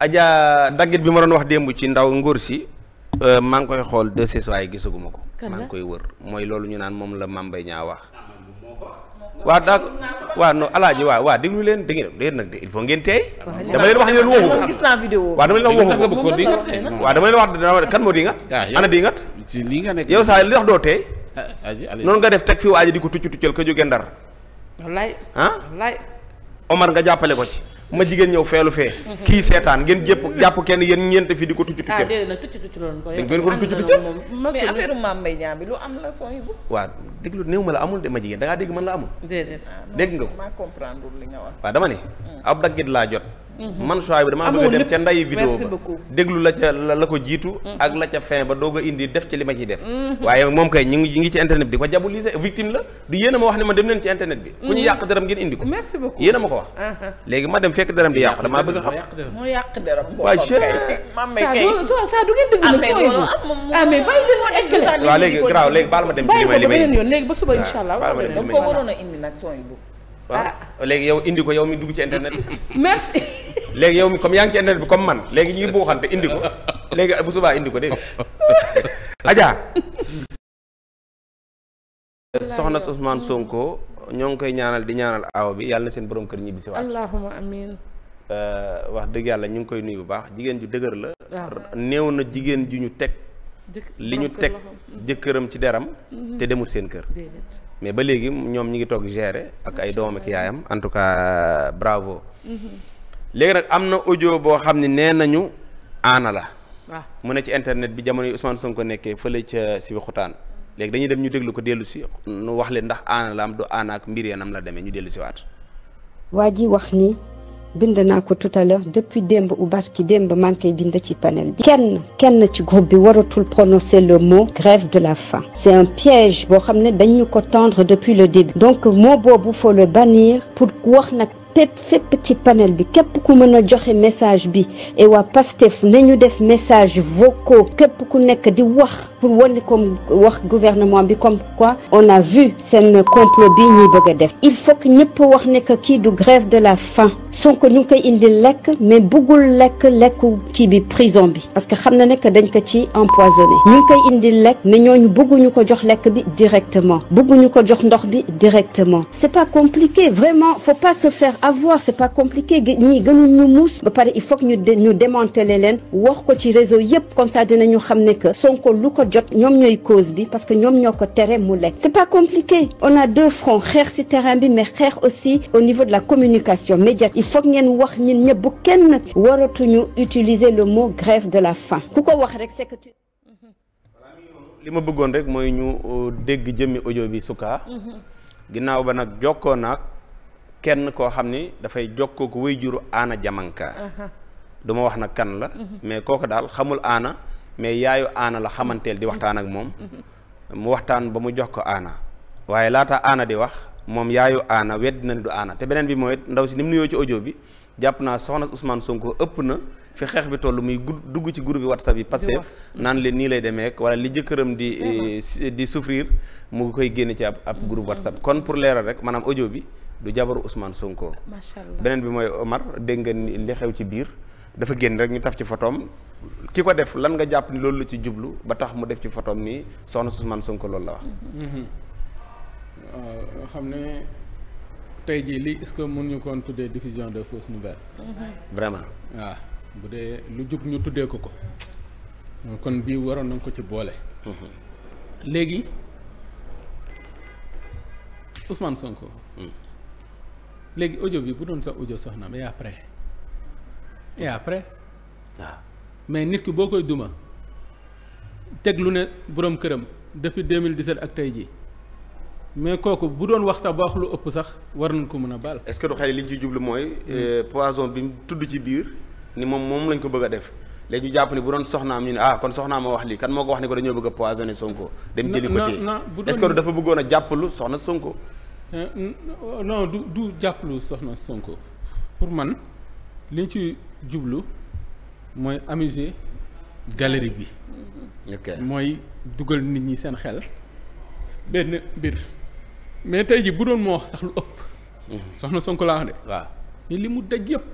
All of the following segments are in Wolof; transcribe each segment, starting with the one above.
Adja daggit bi ma doon wax démb ci ndaw ngóor si euh, maa ngi koy xool de ses waaye gisaguma ko maa ngi koy wër mooy loolu ñu naan moom la mam mambay ñaa wax waa daa waaw non alaaji waaw waaw déglu leen da ngeen déet nag de il faut ngeen teey dama leen wax ne lu waxu ko gis naa vidéo waaw dama leen wax waxu ko waaw dama leen wax kan moo di ngat ah, ana di ngat yow saa li tax doo teey ah, noonu nga def teg fi waaji di ko tucc tuccal ka jóge ndar wallaay ah wallaay Omar nga jàppale ko ci ma jigéen ñëw feelu fee kii seetaan ngeen jëpp mm-hmm. jàpp kenn yéen ñeent fi di ko tucc tucc ah, dañ ko ko tucc tucc mais affaire Mame Mbaye Niang bi lu am la son bu waaw déglu néew ma la amul de ma jigéen da ngaa dégg mën la amul dégg nga ko ah, maa comprendre li nga wax dama ne mm. ab daggit laa jot Mhm. man choix bi dama bëgg dem ca ndayi vidéo ba déglu la ca la ko jiitu mhm. ak la ca fin ba doog a indi def ci li ma ciy def mhm. waaye moom kay ñu ngi ñu ci internet bi di ko diaboliser victime la du yéen a ma wax ne ma dem leen ci internet bi ku ñu yàq dërëm ngeen indi ko merci beaucoup yéen a ma ko ma dem fekk dërëm di yàqu damaa bëgg a yàq dërëm waa saa du ngeen déglu ah, ah mais bàyyi leen ma eggale waaw léegi garaaw léegi baal ma dem ci li may li may yoon léegi ba suba incha allah baal ma dem ko waroon a indi nag son yi bu ah léegi yow indi ko yow mi dugg ci internet léegi yow mi comme yaa bi comme man léegi ñuy buuxante indi ko léegi bu subaa indi ko dégg soxna Ousmane Sonko ñoo ngi koy ñaanal di ñaanal aaw bi yàlla na seen borom kër ñibbi si waat allahumma amiin euh, wax dëgg yàlla ñu ngi koy nuyu bu baax jigéen ju dëgër la néew na jigéen ju ñu teg li ñu teg mm-hmm. jëkkëram ci deram mm-hmm. te demul seen kër mais ba léegi ñoom ñi ngi toog gerre ak ay doom ak yaayam en tout cas bravo mm-hmm. léegi nag am na audio boo xam ne nee nañu aana la. mu ne ci internet bi jamono yi Ousmane ko nekkee fële ca Sébikotane léegi dañu dem ñu déglu ko dellu si nu wax leen ndax aana la am du aana ak mbir yanam la demee ñu dellu si waat. waa ji wax ni bind naa ko tout à l'heure depuis démb ou barki démb maa ngi koy bind ci panel bi. kenn kenn ci groupe bi waratul prononcer le mot grève de la faim. c'est un piège boo xam ne dañu ko tendre depuis le début. donc mot boobu faut le bannir pour wax nag pépp fépp ci panel bi képp ku mën a joxe message bi et waa PASTEF ñu def message vocaux képp ku nekk di wax pour wane comme wax gouvernement bi comme quoi on a vu seen complot bi ñuy bëgg def il faut que ñëpp wax ne que kii du greve de la faim Sonko ñu ngi koy indi lekk mais bëggul lekk lekku kii bi prison bi parce que xam na ne que dañ ko ci empoisonné ñu ngi koy indi lekk mais ñooñu bëgguñu ko jox lekk bi directement bëgguñu ko jox ndox bi directement c'est pas compliqué vraiment avoir c'est pas compliqué ñii gënuñ ñu muus ba pare il faut que ñu ñu leen wax ko ci réseau yëpp comme ça dinañu xam ne que Sonko lu ko jot ñoom ñooy cause bi parce que ñoom ñoo ko tere mu lekk c'est pas compliqué on a deux fronts xeex ci terrain bi mais xeex aussi au niveau de la communication média il faut ngeen wax ñun ñëpp bu kenn waratuñu utiliser le mot grève de la faim ku ko wax rek c'est li ma bëggoon rek mooy ñu euh, dégg jëmmi audio bi mm-hmm. ba nag jokkoo naag kenn koo xam ni dafay jokkoo ko way juru aana jamanka du wax nag kan la mhm. mais kooku daal xamul aana mais yaayu aana la xamanteel di waxtaan ak moom mhm. mu waxtaan ba mu jox ko ana waaye laata aana di wax moom yaayu aana wedd na ni du aana te beneen bi mooy ndaw si ni mu nuyoo ci audio bi jàpp naa soxna Ousmane Sonko ëpp na fi xeex bi toll muy gudd dugg ci groupe bi whatsapp yi passé mhm. naan leen nii lay demee wala li jëkkëram di di souffrir mu koy génne ci ab ab groupe whatsapp kon pour leeral rek maanaam audio bi du jabaru Ousmane Sonko. macha beneen bi mooy Omar dégg ngeen li xew ci biir dafa génn rek ñu taf ci fotoom ki ko def lan nga jàpp ni loolu la ci jublu ba tax mu def ci fotoom nii soxna Ousmane Sonko loolu la wax. waaw mhm. euh, xam ne tey jii li est-ce que mën ñu koon tuddee diffusion de fausses nouvelles. Mhm. vraiment. waaw ah, bu dee lu jub ñu tuddee ko ko. kon bii waroon nañ ko ci boole. Mhm. léegi Ousmane Sonko. léegi ojo bi bu doon sa audio soxna mais après et après waaw ah. mais nit ki boo koy duma teg lu ne boroom këram depuis 2017 ak tey jii mais kooku bu doon wax sax ba wax lu ëpp sax war nañ ko mën a baal. est-ce que li ñu ciy mooy. Hmm. Euh, poison bi mu tudd ci biir ni moom moom lañ ko bëgg a def. léegi ñu jàpp ni bu doon soxnaam ñu ne ah kon soxnaam moo wax lii kan moo ko wax ni ko dañoo bëgg a poisonné Sonko. dem jëli ko tey est dafa bëggoon a jàppalu soxna Sonko. non du du jàppalu soxna Sonko pour man liñ ci jublu mooy amuser galerie bi. mooy dugal nit ñi seen xel benn mbir mais tey ji bu doon moo wax sax lu ëpp. Mm-hmm. soxna Sonko laa wax de. mais li mu daj yëpp.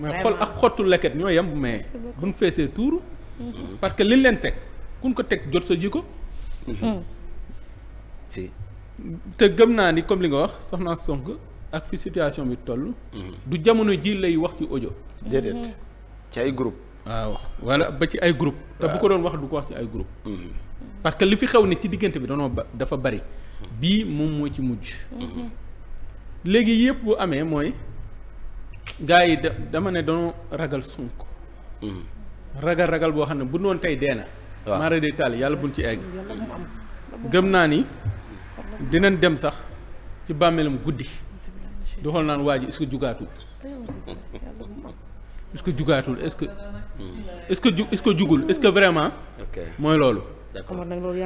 mais xol ak xottu leket ñoo yem mais. bu buñ feesee tuuru. Mm-hmm. parce que liñ leen teg kuñ ko teg jot sa ji ko. Mm-hmm. Mm. si. te gëm naa ni comme li nga wax soxna Sonko ak fi situation bi toll. Mhm. du jamono ji lay wax ci ojo déedéet mhm. ci ay groupe waaw wala ba ci ay groupe te bu ko doon wax du ko wax ci ay groupe mhm. parce que li fi xew ni ci diggante bi danoo ba dafa bari. bii moom moo ci mujj. léegi yëpp bu amee mooy gars yi da dama ne danoo ragal Sonko. ragal ragal boo xam ne bu doon tey dee na. waaw maara de taal yàlla buñ ci egg. gëm naa ni. dinañ dem sax ci bàmmeelam guddi di xool naan waa ji su ce que jugaatul est-ce ce que est-ce que ju est-ce que jugul est-ce que vraiment. mooy loolu.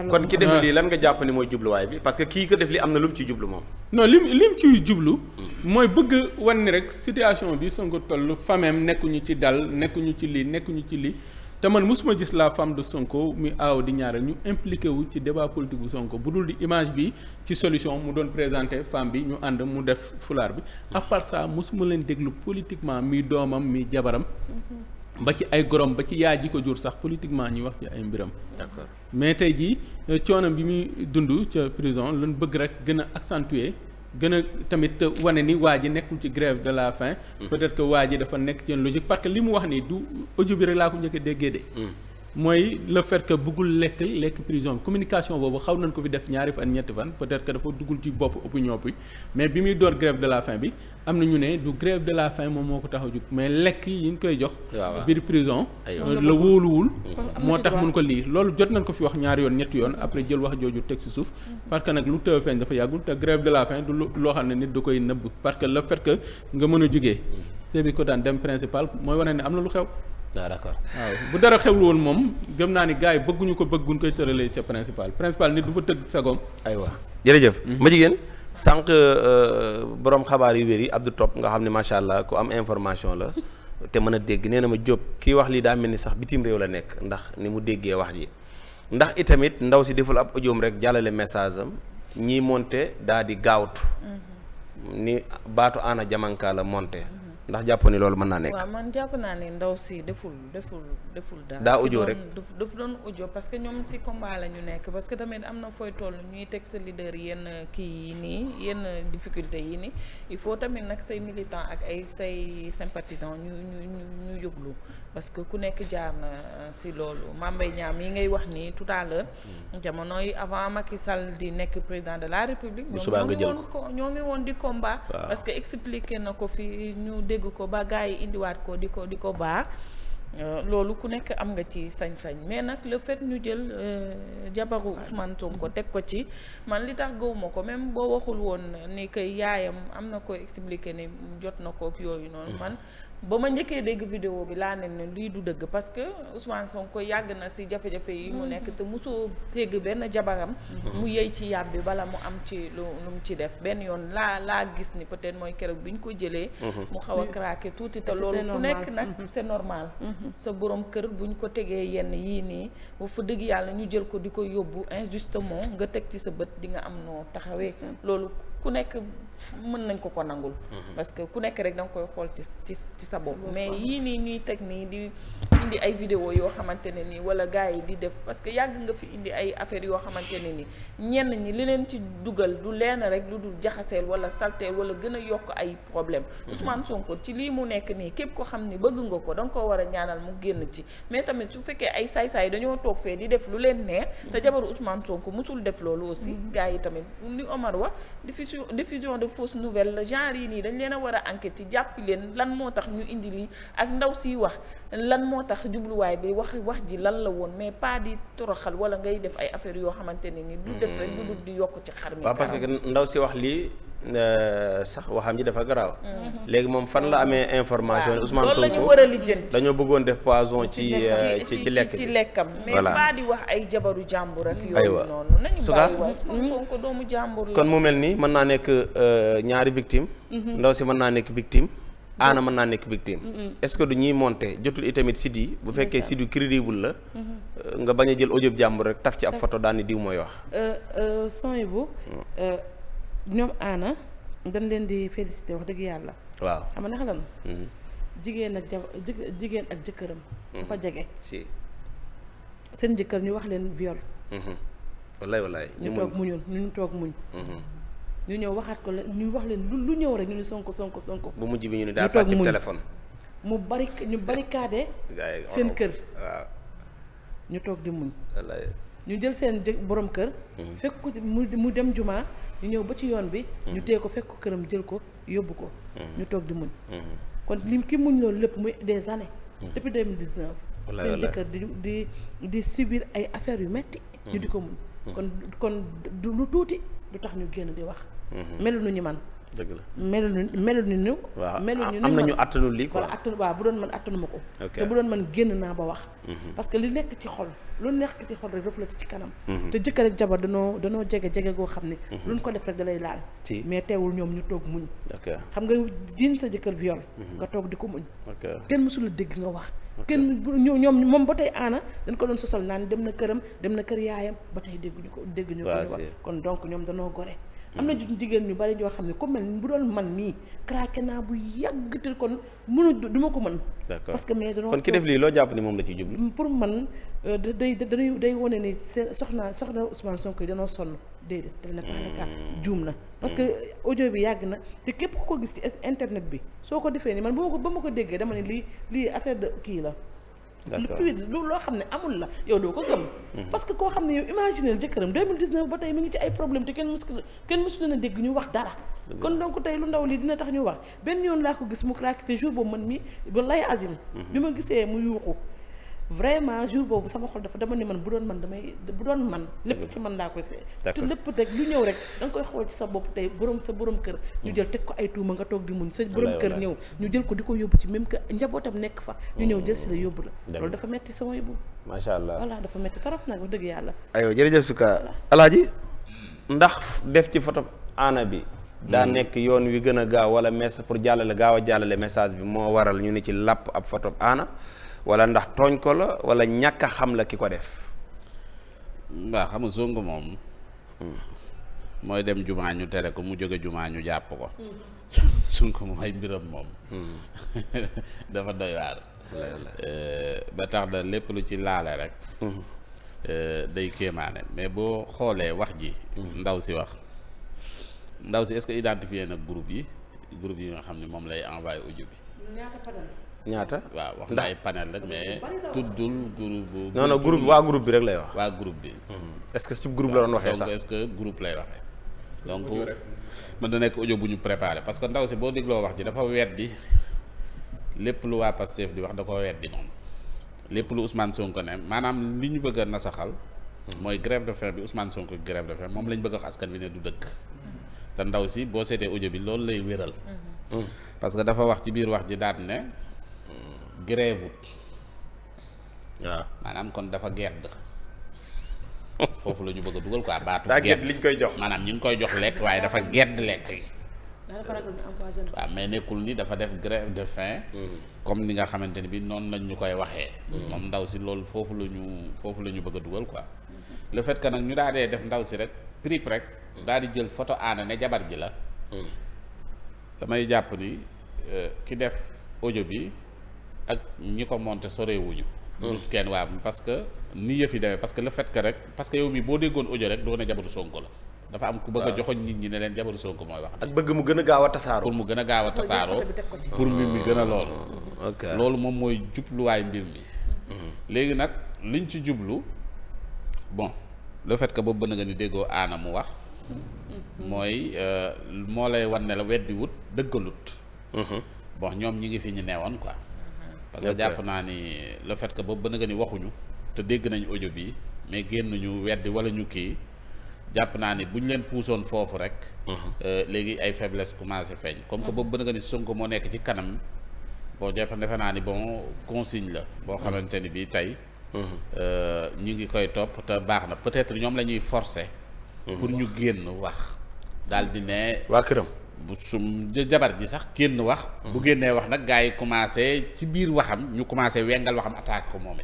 kon ki def ah. lii lan nga jàpp ni mooy jubluwaay bi parce que kii ko def li am na lu mu ciy jublu moom. non lim lim ciy jublu. Hmm. mooy bëgg wan rek situation bi Sonko toll fameem nekkuñu ci dal nekkuñu ci lii nekkuñu ci lii. te man mosuma gis la femme de Sonko muy aaw di ñaareel ñu impliqué wu ci débat politique bu Sonko bu dul di image bi ci solution mu doon présenté femme bi ñu ànd mu def fulaar bi à part ça mosuma leen déglu politiquement mi doomam mi jabaram. Mm-hmm. ba ci ay gorom ba ci yaay ji ko jur sax politiquement ñuy wax ci ay mbiram. d'accord mais tey jii coono bi muy dund ca prison lan bëgg rek gën a accentuer. gën a tamit wane ni waa ji nekkul ci grève de la fin mm. peut-être waa ji dafa nekk ci logique parce que li mu wax nii du audio bi rek laa ko njëkk a déggee de. Mm. mooy le fait que lekk lekk prison communication boobu xaw nañ ko fi def ñaari fan ñetti fan peut-être que dafa duggul ci bopp opinion bi mais bi muy door grève de la fin bi am na ñu ne du grève de la faim moom moo ko tax a jug mais lekk yi ñu koy jox. biir prison. Euh, la wóoluwul. Mm-hmm. moo tax mun ko lii loolu jot nañ ko fi wax ñaari yoon ñetti yoon après jël wax jooju teg ci suuf. Mm-hmm. parce que nag lu tëw feeñ dafa yàggul te grève de la faim du loo xam ne nit du koy nëbb parce que le fait que nga mën a jugee. Mm-hmm. Sébikotane dem principal mooy wane ne am na lu xew. waaw ah, d'accord waaw bu dara xewlu woon moom gëm naa ni gars yi bëgguñu ko bëgguñ koy tëralee ca principal principal nit du fa tëgg sagoom aywa jërëjëf mhm. ma jigéen sànq euh, borom xabaar yu wér yi Abdou Top nga xam ne macha allah ku am information la te mën a dégg nee na ma Diop kii wax lii daa mel ni sax bitim réew la nekk ndax ni mu déggee wax yi ndax itamit ndaw si deful ab audioom rek jàllale message am ñii monté daa di gaawtu mhm. ni baatu aana jamankaa la ndax jàpp ni loolu mën naa nekk. waaw man jàpp naa ne ndaw si deful deful deful daf doon audio parce que ñoom si combat la ñu nekk parce que tamit am na fooy toll ñuy teg sa leader yenn kii yi nii yenn difficulté yi nii il faut tamit nag say militant ak ay say sympathisant ñu ñu ñu ñu yëglu parce que ku nekk jaar na euh, si loolu Mame Mbaye Niang yi ngay wax nii tout à l'heure hmm. jamono yi avant Macky Sall di nekk président de la République. bu combat. parce que expliqué na ko fi ñu dégg dégg ko ba gars yi indiwaat ko di ko di ko baax euh, loolu ku nekk am nga ci sañ-sañ mais nag le fait ñu jël euh, jabaru Ousmane ko teg ko ci man li tax gëwuma ko même boo waxul woon ni que yaayam am na ko expliqué ne jot na kook yooyu noonu mm. man ba ma njëkkee dégg vidéo bi laa ne ne lii du dëgg parce que Ousmane Sonko yàgg na si jafe-jafe yi mu mm-hmm. nekk te mosoo dégg benn jabaram mm-hmm. mu yey ci yàb bi bala mu am ci lu lu mu ci def benn yoon laa laa gis ni peut-être mooy keroog bi ñu ko jëlee mm-hmm. mu xaw a craqué tuuti te loolu ku nekk nag c'est normal sa borom kër bu ñu ko tegee yenn yii nii ba fa dëgg yàlla ñu jël ko di ko yóbbu injustement nga teg ci sa bët di nga am noo taxawee loolu ku nekk mën nañ ko ko nangul mhm. parce que ku nekk rek danga koy xool ci ci sa bopp mais yii nii ñuy teg nii di indi ay vidéo yoo xamante ne nii wala gars yi di def parce que yàgg nga fi indi ay affaires yoo xamante ne nii ñenn ñi li leen ci dugal du leen rek lu dul jaxaseel wala salteel wala gën a yokk ay problème mhm. Ousmane sonk ci lii mu nekk nii képp ko xam ni bëgg nga ko da koo war a ñaanal mu génn ci mais tamit su fekkee ay saay-saay dañoo toog fee di def lu leen neex te mhm. jabaru Ousmane Sonko musul def loolu tamit diffusion diffusion de fausses nouvelles genre yi nii dañ leen a war a enquête yi jàpp leen lan moo tax ñu indi lii ak ndaw siy wax lan moo tax jubluwaay bi wax wax ji lan la woon mais pas di toroxal wala ngay def ay affaire yoo xamante ne ni. du def hmm. rek du di yokk ci xar mi. waaw parce que ndaw si wax lii Euh, sax waxam ji dafa garaaw. Mm-hmm. léegi moom fan la amee information. waaw Ousmane Sonko dañoo dañoo bëggoon def poison ci euh, ci ci lekk ci lekkam. mais baa di wax ay jabaru jàmbur ak mm. yooyu noonu. nañu bàyyi wax mm-hmm. doomu jàmbur kon mu mel nii mën naa nekk euh, ñaari victime. Mm-hmm. ndaw si mën naa nekk victime. aana mën naa nekk victime. est-ce que du ñuy monter jotul itamit site yi bu fekkee site yu crédible la. nga bañ a jël audio jàmbur rek taf ci ab photo daani diw mooy wax. son ñoom aana dañ leen di félicité wax dëgg yàlla. waaw xam nga lan. Mm-hmm. jigéen ak ja jigéen ak jëkkëram. Mm-hmm. dafa jege. si seen jëkkër ñu wax leen viol. Mm-hmm. wallaay wallaay ñu toog muñul ñu toog muñ. ñu ñëw waxaat ko la ñu wax leen lu ñëw rek ñu ni sonko sonko sonko. bu mujj bi ñu ni daal fàcc téléphone. mu bari ñu barikaade seen kër. waaw ñu toog di muñ. ñu jël seen borom kër. Mm-hmm. fekk ko mu dem jumaa ñu ñëw ba ci yoon bi. Mm-hmm. ñu tee ko fekk ko këram jël ko yóbbu ko. Mm-hmm. ñu toog di muñ. kon lim ki muñ loolu lépp muy des années. depuis deux mille dix neuf. seen jëkkër di di di subir ay affaires yu metti ñu di ko muñ. kon kon du lu tuuti lu tax ñu génn di wax. meluñu ñu man. dëgg la melul melul ni waaw am na ñu attanul lii quoi attanu waaw bu doon man attanuma ko te bu doon man génn naa ba wax mhm. parce que li lekk ci xol lu nekk ci xol rek reflété ci kanam mhm. te jëkkër ak jabar danoo danoo jege jege goo xam ne mhm. luñ ko def rek da lay laal mais teewul ñoom ñu toog muñ xam nga diin sa jëkkër viol nga toog di ko muñ kenn mësula dégg nga wax kenn ñoom moom ba tey aana dañ ko doon sosal naan dem na këram dem na kër yaayam ba tey dégguñu ko dégguñu ko wax kon donc ñoom danoo gore am na jigéen ñu bari ñoo xam ne ku mel bu doon man mii craqué naa bu yàgg te kon mënu du ma ko mën. d'accord parce que mais dañoo kon ki def loo jàpp ni moom la ciy jublu. pour man euh, day day day wane ni seen soxna soxna Ousmane Sonko yi danoo sonn déedéet tel n'est pas le cas juum na. parce que hmm. audio bi yàgg na te képp ku ko gis ci internet bi soo ko defee ni man ba ma ko ba ma ko déggee dama ne lii lii affaire de kii la. lu fluide lu loo xam ne amul la yow doo ko gëm mhm. parce que koo xam ne yow imaginer jëkkëram 2019 ba tey mi ngi ci ay problème te kenn musul kenn musul na dégg ñu wax dara kon donc tey lu ndaw lii dina tax ñu wax benn yoon laa ko gis mu craqué te jour boobu man mi wallahi azim mhm. bi ma gisee mu yuuxu vraiment jour boobu sama xol dafa dama ni man bu doon man damay bu doon man lépp ci man laa koy fee te lépp rek lu ñëw rek da koy xool ci sa bopp tey borom sa borom kër ñu hmm. jël teg ko ay tuuma nga toog di muñ sa borom kër ñëw ñu jël ko di ko yóbbu ci même que njabootam nekk fa ñu ñëw hmm. jël si la yóbbu la loolu dafa metti sama yóbbu macha allah voilà dafa metti trop nag wax dëgg yàlla aywa jërëjëf suka alaaji hmm. ndax def ci photo aana bi daa nekk yoon wi gën a gaaw wala message pour jàllale gaaw a jàllale message bi moo waral ñu ne ci làpp ab photo aana wala ndax tooñ ko la wala ñàkk xam la ki ko def. waaw xam nga Sonko moom. Hmm. mooy dem jumaa ñu tere ko mu jóge jumaa ñu jàpp ko. Hmm. Sonko ay mbiram moom. Hmm. dafa doy waar. Eh, ba tax da lépp lu ci laale rek. Eh, day kéemaane mais boo xoolee wax ji. ndaw si wax. ndaw si est-ce nag groupe yi groupe yi nga xam ne moom lay envoyé audio bi. ñaata ñaata waaw wax na ay panel rek mais tuddul groupe. non non groupe waa groupe bi rek lay wax. waa groupe bi. Mm-hmm. est-ce que si groupe la doon waxee sax donc est-ce que groupe lay waxee. donc mën na nekk audio bu ñu préparé parce que ndaw si boo dégloo wax ji dafa weddi lépp lu waa Pastef di wax da ko weddi moom lépp lu Ousmane Sonko ne maanaam li ñu bëgg a nasaxal. mooy grève de faim bi sonk Sonko grève de faim moom lañ bëgg a askan bi ne du dëkk. te ndaw si boo seetee audio bi loolu lay wéral. Mm-hmm. parce dafa wax ci biir wax ji daal grève wut waaw maanaam kon dafa gedd foofu la ñu bëgg a dugal quoi baatu gedd liñ koy jox maanaam ñu ngi koy jox lekk waaye dafa gedd lekk yi waaw mais nekkul ni dafa def grève de faim hmm. comme ni nga xamante ni bi noonu lañ ñu koy waxee hmm. moom ndaw si lool foofu la ñu foofu la ñu bëgg a dugal quoi le fait que nag ñu daal dee def ndaw si rek prip rek hmm. daal di jël photo aana ne jabar ji la damay jàpp ni euh, ki def audio bi ak ñi ko monté sorewuñu dut kenn waa parce que ni yëf yi demee parce que le fet que rek parce que yow mi boo déggoon audio rek doo ne jabaru Sonko la dafa am ku bëgg a joxoñ nit ñi ne leen jabaru Sonko mooy wax ak bëgg mu gën a gaaw a tasaaroo pour mu gën a gaaw a tasaaroo pour mbir mi gën a loolu ah, loolu moom mooy jubluwaay mbir mi mm-hmm. léegi nag liñ ci jublu bon le fait que boobu bëgg nga ni déggoo aana mu wax mm-hmm. mooy euh, moo lay wan ne la weddi wut dëggalut mm-hmm. bon ñoom ñi ngi fi ñu neewoon quoi parce que jàpp naa ni le fait que boobu ba nga ni waxuñu te dégg nañu audio bi mais génnuñu weddi wala ñu kii jàpp naa ni bu ñu leen puusoon foofu rek. Mhm. Euh, léegi ay faiblesse commencé feeñ. comme que mhm. boobu ba nga ni Sonko moo nekk ci kanam boo jàpp defe naa ni bon consigne la. boo mhm. xamante ni bii tey. Euh, ñu ngi koy topp te baax na peut-être ñoom la ñuy forcer. pour ñu génn wax daal di ne. waa këram. bu sum jabar ji sax génn wax bu mhm. génnee wax nag gars yi commencé ci biir waxam ñu commencé wengal waxam attaqué ko moom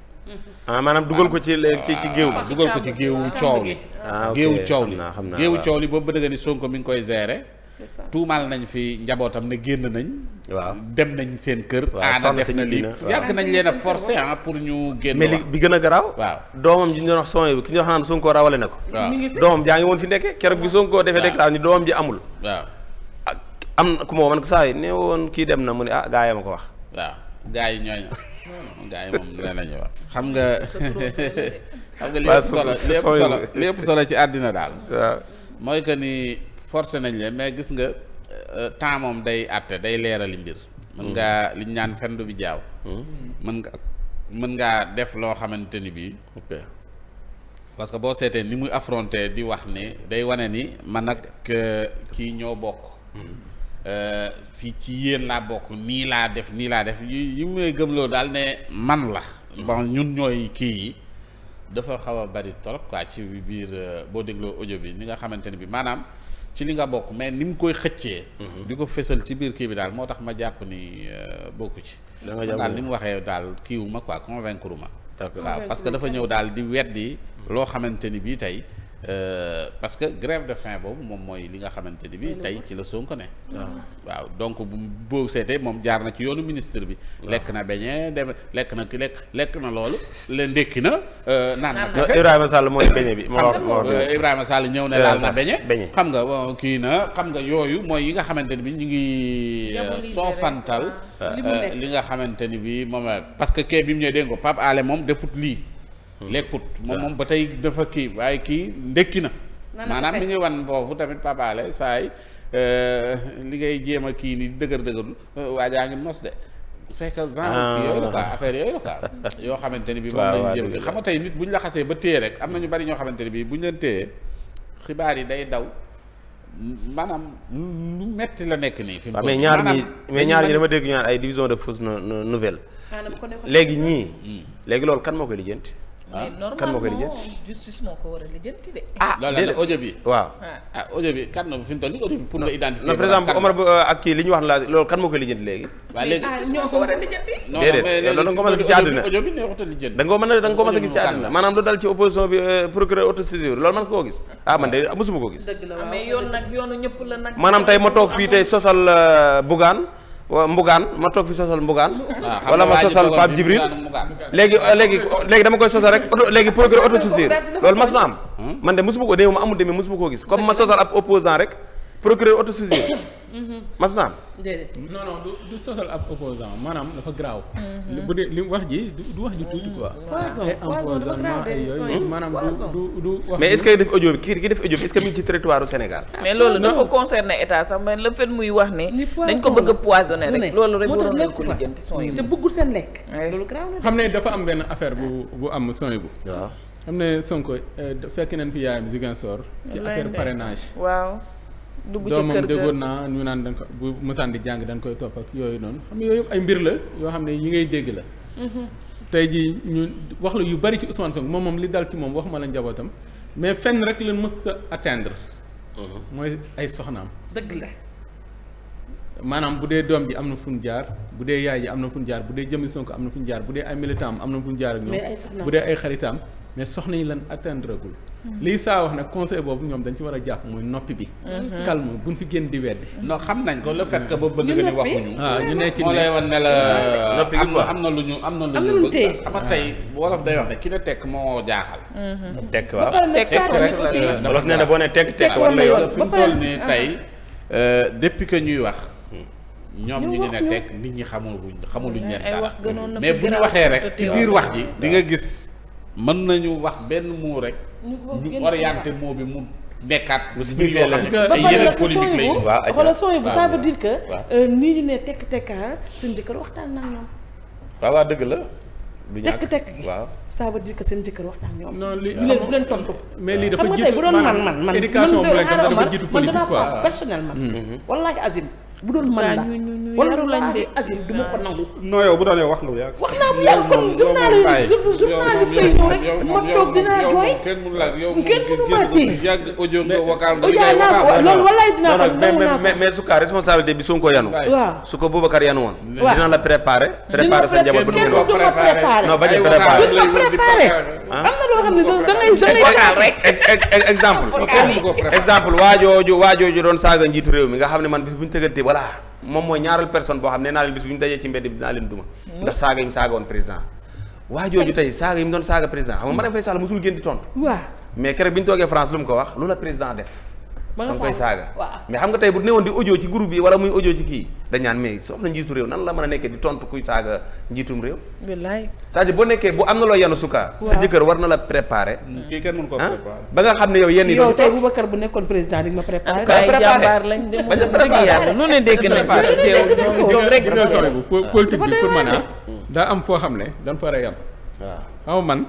ah, maanaam dugal ko ci ci ci géew bi ah, dugal ko ci géewu coow li ah, géewu coow li géewu coow li boobu ba dëgg ni Sonko mi ngi koy gérer tuumaal nañ fi njabootam ne génn nañ waaw dem nañ seen kër aana def na lii yàgg nañ leen a forcé pour ñu génn mais bi gën a garaaw waaw doomam ji ñu doon wax son bi ki ñu wax naan ko rawale na ko waaw doomam jaa ngi woon fi nekkee keroog bi Sonko defee déclaration ni doomam ji amul waaw am na ku ma man ko saa yi ne woon kii dem na mu ne ah gaa yi ko wax. waaw gaa yi ñooñu gaa yi moom nee nañu wax xam nga xam nga lépp solo lépp solo lépp solo ci àddina daal. waaw mooy que ni forcé nañ leen mais gis nga euh, temps moom day àtte day leerali mbir. mën ngaa hmm. liñ ñaan fendu bi jaaw. Hmm. mën nga mën ngaa def loo xamante ni bii. parce que boo seetee ni muy affronté di wax ni day wane ni man ak euh, kii ñoo bokk. Hmm. Euh, fii ci yéen laa bokk nii laa def nii laa def yi yi may gëmloo daal ne man la bon ñun ñooy kii yi dafa xaw a bari trop quoi ci biir euh, boo dégloo ojo bi ni nga xamante ne bi maanaam ci li nga bokk mais ni mu koy xëccee. Mhm. di ko fësal ci biir kii bi daal moo tax ma jàpp ni euh, bokku ci. da nga jàpp daal li mu waxee daal kiiwu ma ak convaincre ma. d'accord waaw parce que dafa ñëw daal di weddi. Mhm. loo xamante ni bii tey. Euh, parce que grève de fin boobu moom mooy li nga xamante ni bi tey ci la Sonko ne ah. waaw donc bu boo seetee moom jaar na ci yoonu ministre bi lekk na beñe dem lekk na ki lekk lekk na loolu la ndékki euh, na naan na kafe Ibrahima Sall mooy beñe bi moo euh, Ibrahima Sall ñëw ne laal na beñe xam nga kii na xam nga yooyu mooy yi nga xamante ni bi ñu ngi soofantal ah. li nga xamante ni bi moom parce que kee bi mu ñëwee dégg nga Pape Ale moom defut lii lekkut moom moom ba tey dafa kii waaye kii ndékki na maanaam li ñuy wan boofu tamit papaale saay euh, li ngay jéem a kii ni dëgër dëgërul euh, waajaa ngi mos de c'est que genre ah. yooyu la quoi affaire yooyu la quoi yoo xamante ni bi moom lañ jéem xam nga tey nit bu ñu la ba téye rek am na ñu bari ñoo xamante ni bi bu ñu leen téyee xibaar yi day daw maanaam lu metti la nekk nii fi mais ñaar ñi mais ñaar ñi dama dégg ñu naan ay division de fausse nouvelle ah, léegi ñii hmm. léegi loolu kan moo koy lijjanti ah kan moo koy lijjanti de. ah loolu la audio bi waaw. ah, ah audio bi fi mu toll par exemple Omar ak kii li ñu wax la loolu kan moo koy lijjanti léegi. waaw léegi ah, ñoo ko war a lijjanti. ko mën a gis ci àdduna audio bi neexut a lijjanti. da ko mën a da nga ko mën a gis ci àdduna maanaam lu dal ci opposition bi euh, procureur autosaisir loolu mën nga koo gis. ah man de mosuma koo gis. maanaam tey ma toog fii tey sosal euh, Bougane waaw mbugaan ma toog fi sosal mbugaan ah, wala ma sosal Pape Djibril léegi ah, léegi léegi dama koy sosal rek léegi procureur auto-saisine loolu mas na am hmm? man de mosuma ko néew ma amul demee mosuma koo gis comme ma sosal ab opposant rek procureur auto-saisine Mm-hmm. mas na am. déedéet mm-hmm. non non du du sosal ab opposant maanaam dafa graaw. Mm-hmm. bu dee li wax ji du wax ji tuuti quoi. poison poison dafa graaw ay yooyu maanaam du du wax. mais est-ce que def audio bi ki ki def audio bi est-ce que mi ngi ci territoire du Sénégal. Ah, mais loolu dafa concerné état sax mais le fait muy wax ne. dañ ko bëgg a poisonné rek. loolu rek waroon nañ ko lijjanti son yi te bëggul seen lekk. loolu graaw na xam ne dafa am benn affaire bu bu am son yi bu. waaw xam ne Sonko euh, fekk nañ fi yaayam Ziguinchor. ci affaire parrainage waaw. dugg ca kër ga déggoon naa ñu naan da nga bu mësaan di jàng da koy topp ak yooyu noonu xam nga yooyu yëpp ay mbir la yoo xam ne yi ngay dégg la. Mhm. tey jii ñu wax la yu bari ci Ousmane Sonko moom moom li dal ci moom wax ma la njabootam mais fenn rek lañ mës a mhm. mooy ay soxnaam. dëgg la. maanaam bu dee doom ji am na fu ñu jaar bu dee yaay ji am na fu ñu jaar bu dee jëmi Sonko am na fu ñu jaar bu dee ay militant am na fu ñu jaar ak ñoom. bu dee ay xaritaam mais soxna yi lan atteindre gul Mm-hmm. lii saa wax nag conseil boobu ñoom dañ ci war a jàpp mooy noppi bi. Mm-hmm. calme buñ fi génn di weddi. non xam nañ ko le fait que ba bëgg ni waxuñu. waaw ah, ñu ne ci moo lay wan ne la. noppi bi am na lu ñu am na lu ñu bëgg. day wax ne ki tekk moo jaaxal. Mm-hmm. tekk waaw tekk rek wolof nee na boo ne tekk tekk war lay wax fi mu toll tey euh, depuis que ñuy wax. ñoom ñu ngi ne tekk nit ñi xamul xamuluñ leen dara mais bu ñu waxee rek ci biir wax ji di nga gis mën nañu wax benn muu rek ñu orienté moo bi mu nekkaat. aussi biir yoo xam ne ay yeneen politique lay waaw xoolal son yi bu ça veut dire que. Euh, nii ñu ne tekk tekkaar ah, seen jëkkër waxtaan na ak ñoom. waaw waaw dëgg la. du ñàkk tekk tekk waaw ça veut dire que seen jëkkër waxtaan ñoom. non li xam bu leen tontu. mais lii dafa jiitu maanaam éducation bu rek dafa jiitu politique man man man man mm-hmm. wallaahi azim. bu doon mën ma ko bu doon wax nga bu yàgg. wax naa bu yàgg kon journaliste journaliste yi ñëw rek ma toog dinaa jooy. kenn mënu laa yow kenn mënu ko mais mais su ka responsabilité bi su ko yanu. waaw su ko Boubacar yanu woon. waaw dina la préparer. préparer sa njaboot bu ma préparer. non bañ a préparer du ma préparer. am na loo xam ne da ngay da rek. exemple exemple waajooju waajooju doon saaga njiitu réew mi nga xam ne man bis bu ñu tëgantee voilà moom mooy ñaaral personne boo xam ne naa leen bis bu ñu dajee ci mbedd bi dinaa leen duma mmh. ndax saaga yi mu saaga woon président waa jooju tey saaga yi mu doon saaga président xam nga Marième Faye Sall mosul génn di tontu waaw mais keroog bi ñu toogee France lu mu ko wax lu la président def ma nga koy saaga mais xam nga tey bu newoon di audio ci groupe yi wala muy audio ci kii dañ naan mais soxna njiitu réew nan la mën a nekkee di tontu kuy saaga njiitum réew billaay cest à boo nekkee bu am na loo yenu sukaa sa jëkkër war na la préparer hmm. kii kenn ko ah? préparer ba nga xam ne yow yenn yi yow tey Boubacar bu nekkoon président di nga ah, préparer ay jàmbaar lañ dem dëgg yàlla lu ne dégg nañ a ah, hmm. daa am foo xam ne dañ fa war a yam waaw hmm. xam man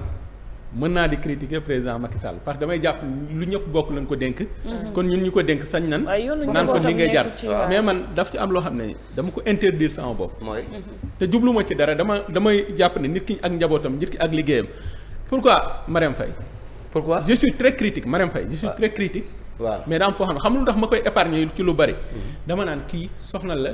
mën naa di critiquer président Macky Sall parce que damay jàpp lu ñëpp bokk lañ ko dénk. Mhm. kon ñun ñu ko dénk sañ nan. naan ko li ngay jar mais man daf ci am loo xam ne dama ko interdire sama bopp. mooy mhm. te jubluma ci dara dama damay jàpp ne nit ki ak njabootam nit ki ak liggéeyam pourquoi Marème Faye. pourquoi je suis très critique Marème Faye je suis critique. mais daa foo xam ne xam lu tax ma koy épargner ci lu bari. Mhm. dama naan kii soxna la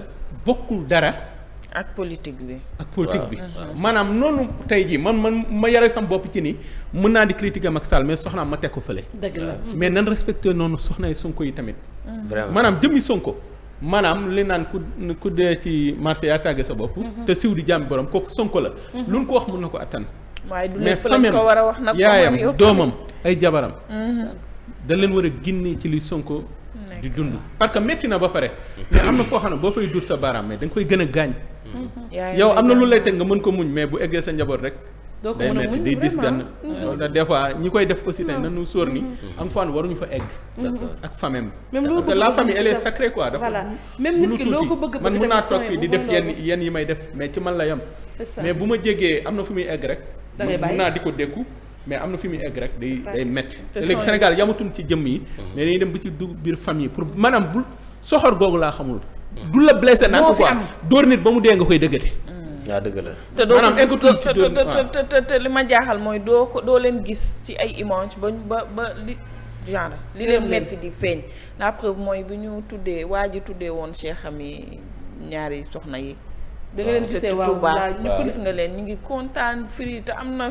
bokkul dara. ak politique bi. ak politique maanaam noonu tey jii man man ma yare sam bopp ci ni mën naa di critiquer ak Sall mais soxnaam ma teg ko fële. dëgg la mais nan respecté noonu soxna yi Sonko yi tamit. Mm. maanaam jëmmi Sonko. maanaam li naan ku ku dee ci marché yaa tàgge sa bopp. Mm-hmm. te siw di jàmm borom kooku Sonko la. Mm-hmm. lu ñu ko wax mun na ko attan. waaye du lépp lañ ko war a wax nag yaayam doomam ay jabaram. Mm-hmm. da leen war a génne ci li Sonko. di dund parce que métti na ba pare. mais am na foo xam ne boo fay dur sa baaraam mais da koy gën a gaañ. Mm-hmm. yow am na lu lay teg nga mën ko muñ mais bu eggee sa njaboot rek. doo ko day dis gan. des fois ñi koy def aussi tey nañu sóor ni. Mm-hmm. am fois waruñu fa egg. ak famem la famille elle dafa voilà même nit ko bëgg man mun naa toog fii di def yenn yenn yi may def mais ci man la yam mais bu ma jégee am na fu muy egg rek. da ngay mun naa di ko dékku. mais am na fi muy egg rek day day métti. te léegi Sénégal yamatuñ ci jëmm yi. Mm-hmm. mais dañuy dem ba ci dugub biir famille pour maanaam bu soxor googu laa xamul. du la blessé naan ko am dóor nit ba mu dee nga koy dëggate. Mm. dëgg la te doo te li ma jaaxal mooy doo ko doo leen gis ci ay image ba ba ba li genre li leen metti di feeñ la preuve mooy bu ñu tuddee waa ji tuddee woon Cheikh yi ñaari soxna yi da nga leen gisee waaw waaw ñëpp gis nga leen ñu ngi kontaan firi te am na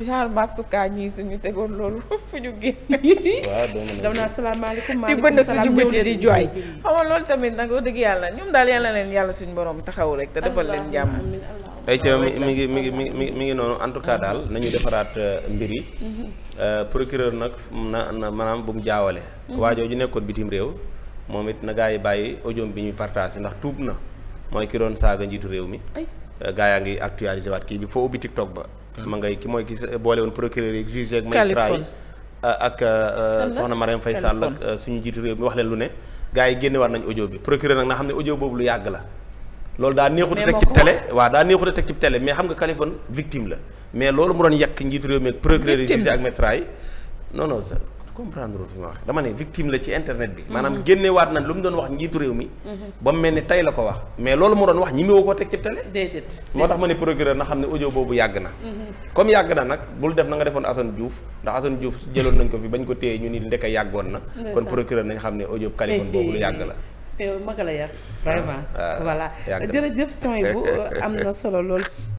genre maksukaa ñii suñu tegoon loolu fu ñu génn dam naa salaamaaleykum di bënn suñu bët yi di jooy xam nga loolu tamit nag wax dëgg yàlla ñoom daal yàlla leen yàlla suñu borom taxaw rek te defal leen jàmm ay ca mi mi ngi mi ngi mi ngi mi ngi noonu en tout cas daal nañu defaraat euh, mbir yi mhm. euh, procureur nag na na maanaam bu mu jaawale mhm. waajoo ju nekkoon bitim réew moom it na gaa yi bàyyi audio bi ñuy partage ndax tuub na mooy ki doon saaga njiitu réew mi euh, gaa yaa ngi actualisé waat kii bi foo ubbi TikTok ba ah. ma ngay ki mooy ki boole woon procureur yi juge ak magistrat yi euh, ak euh, soxna Mariam Faye Sall ak suñu njiitu réew mi wax leen lu ne gaa yi génne war nañ audio bi procureur nag na xam ne ojo boobu lu yàgg la loolu daa neexut a teg ci télé waaw daa neexut a teg ci télé mais xam nga Kaliphone victime la mais loolu mu doon yàq njiitu réew mi ak procureur yi juge ak magistrat comprendre fi ma waxee dama ne victime la ci internet bi. Mhm. maanaam génnewaat na lu mu doon wax njiitu réew mi. Mhm. ba mu mel ni tey la ko wax mais loolu mu doon wax ñi ko teg ci télé. moo tax ma ne procureur na xam ne audio boobu yàgg na. Mhm. comme yàgg na nag bul def na nga defoon Assane Diouf ndax Assane Diouf jëloon nañ ko fi bañ ko téye ñu ni ndeka yàggoon na. kon procureur nañ xam ne audio Kaliphone boobu lu yàgg la. yow ma la yar. vraiment ah, bu am na solo lool.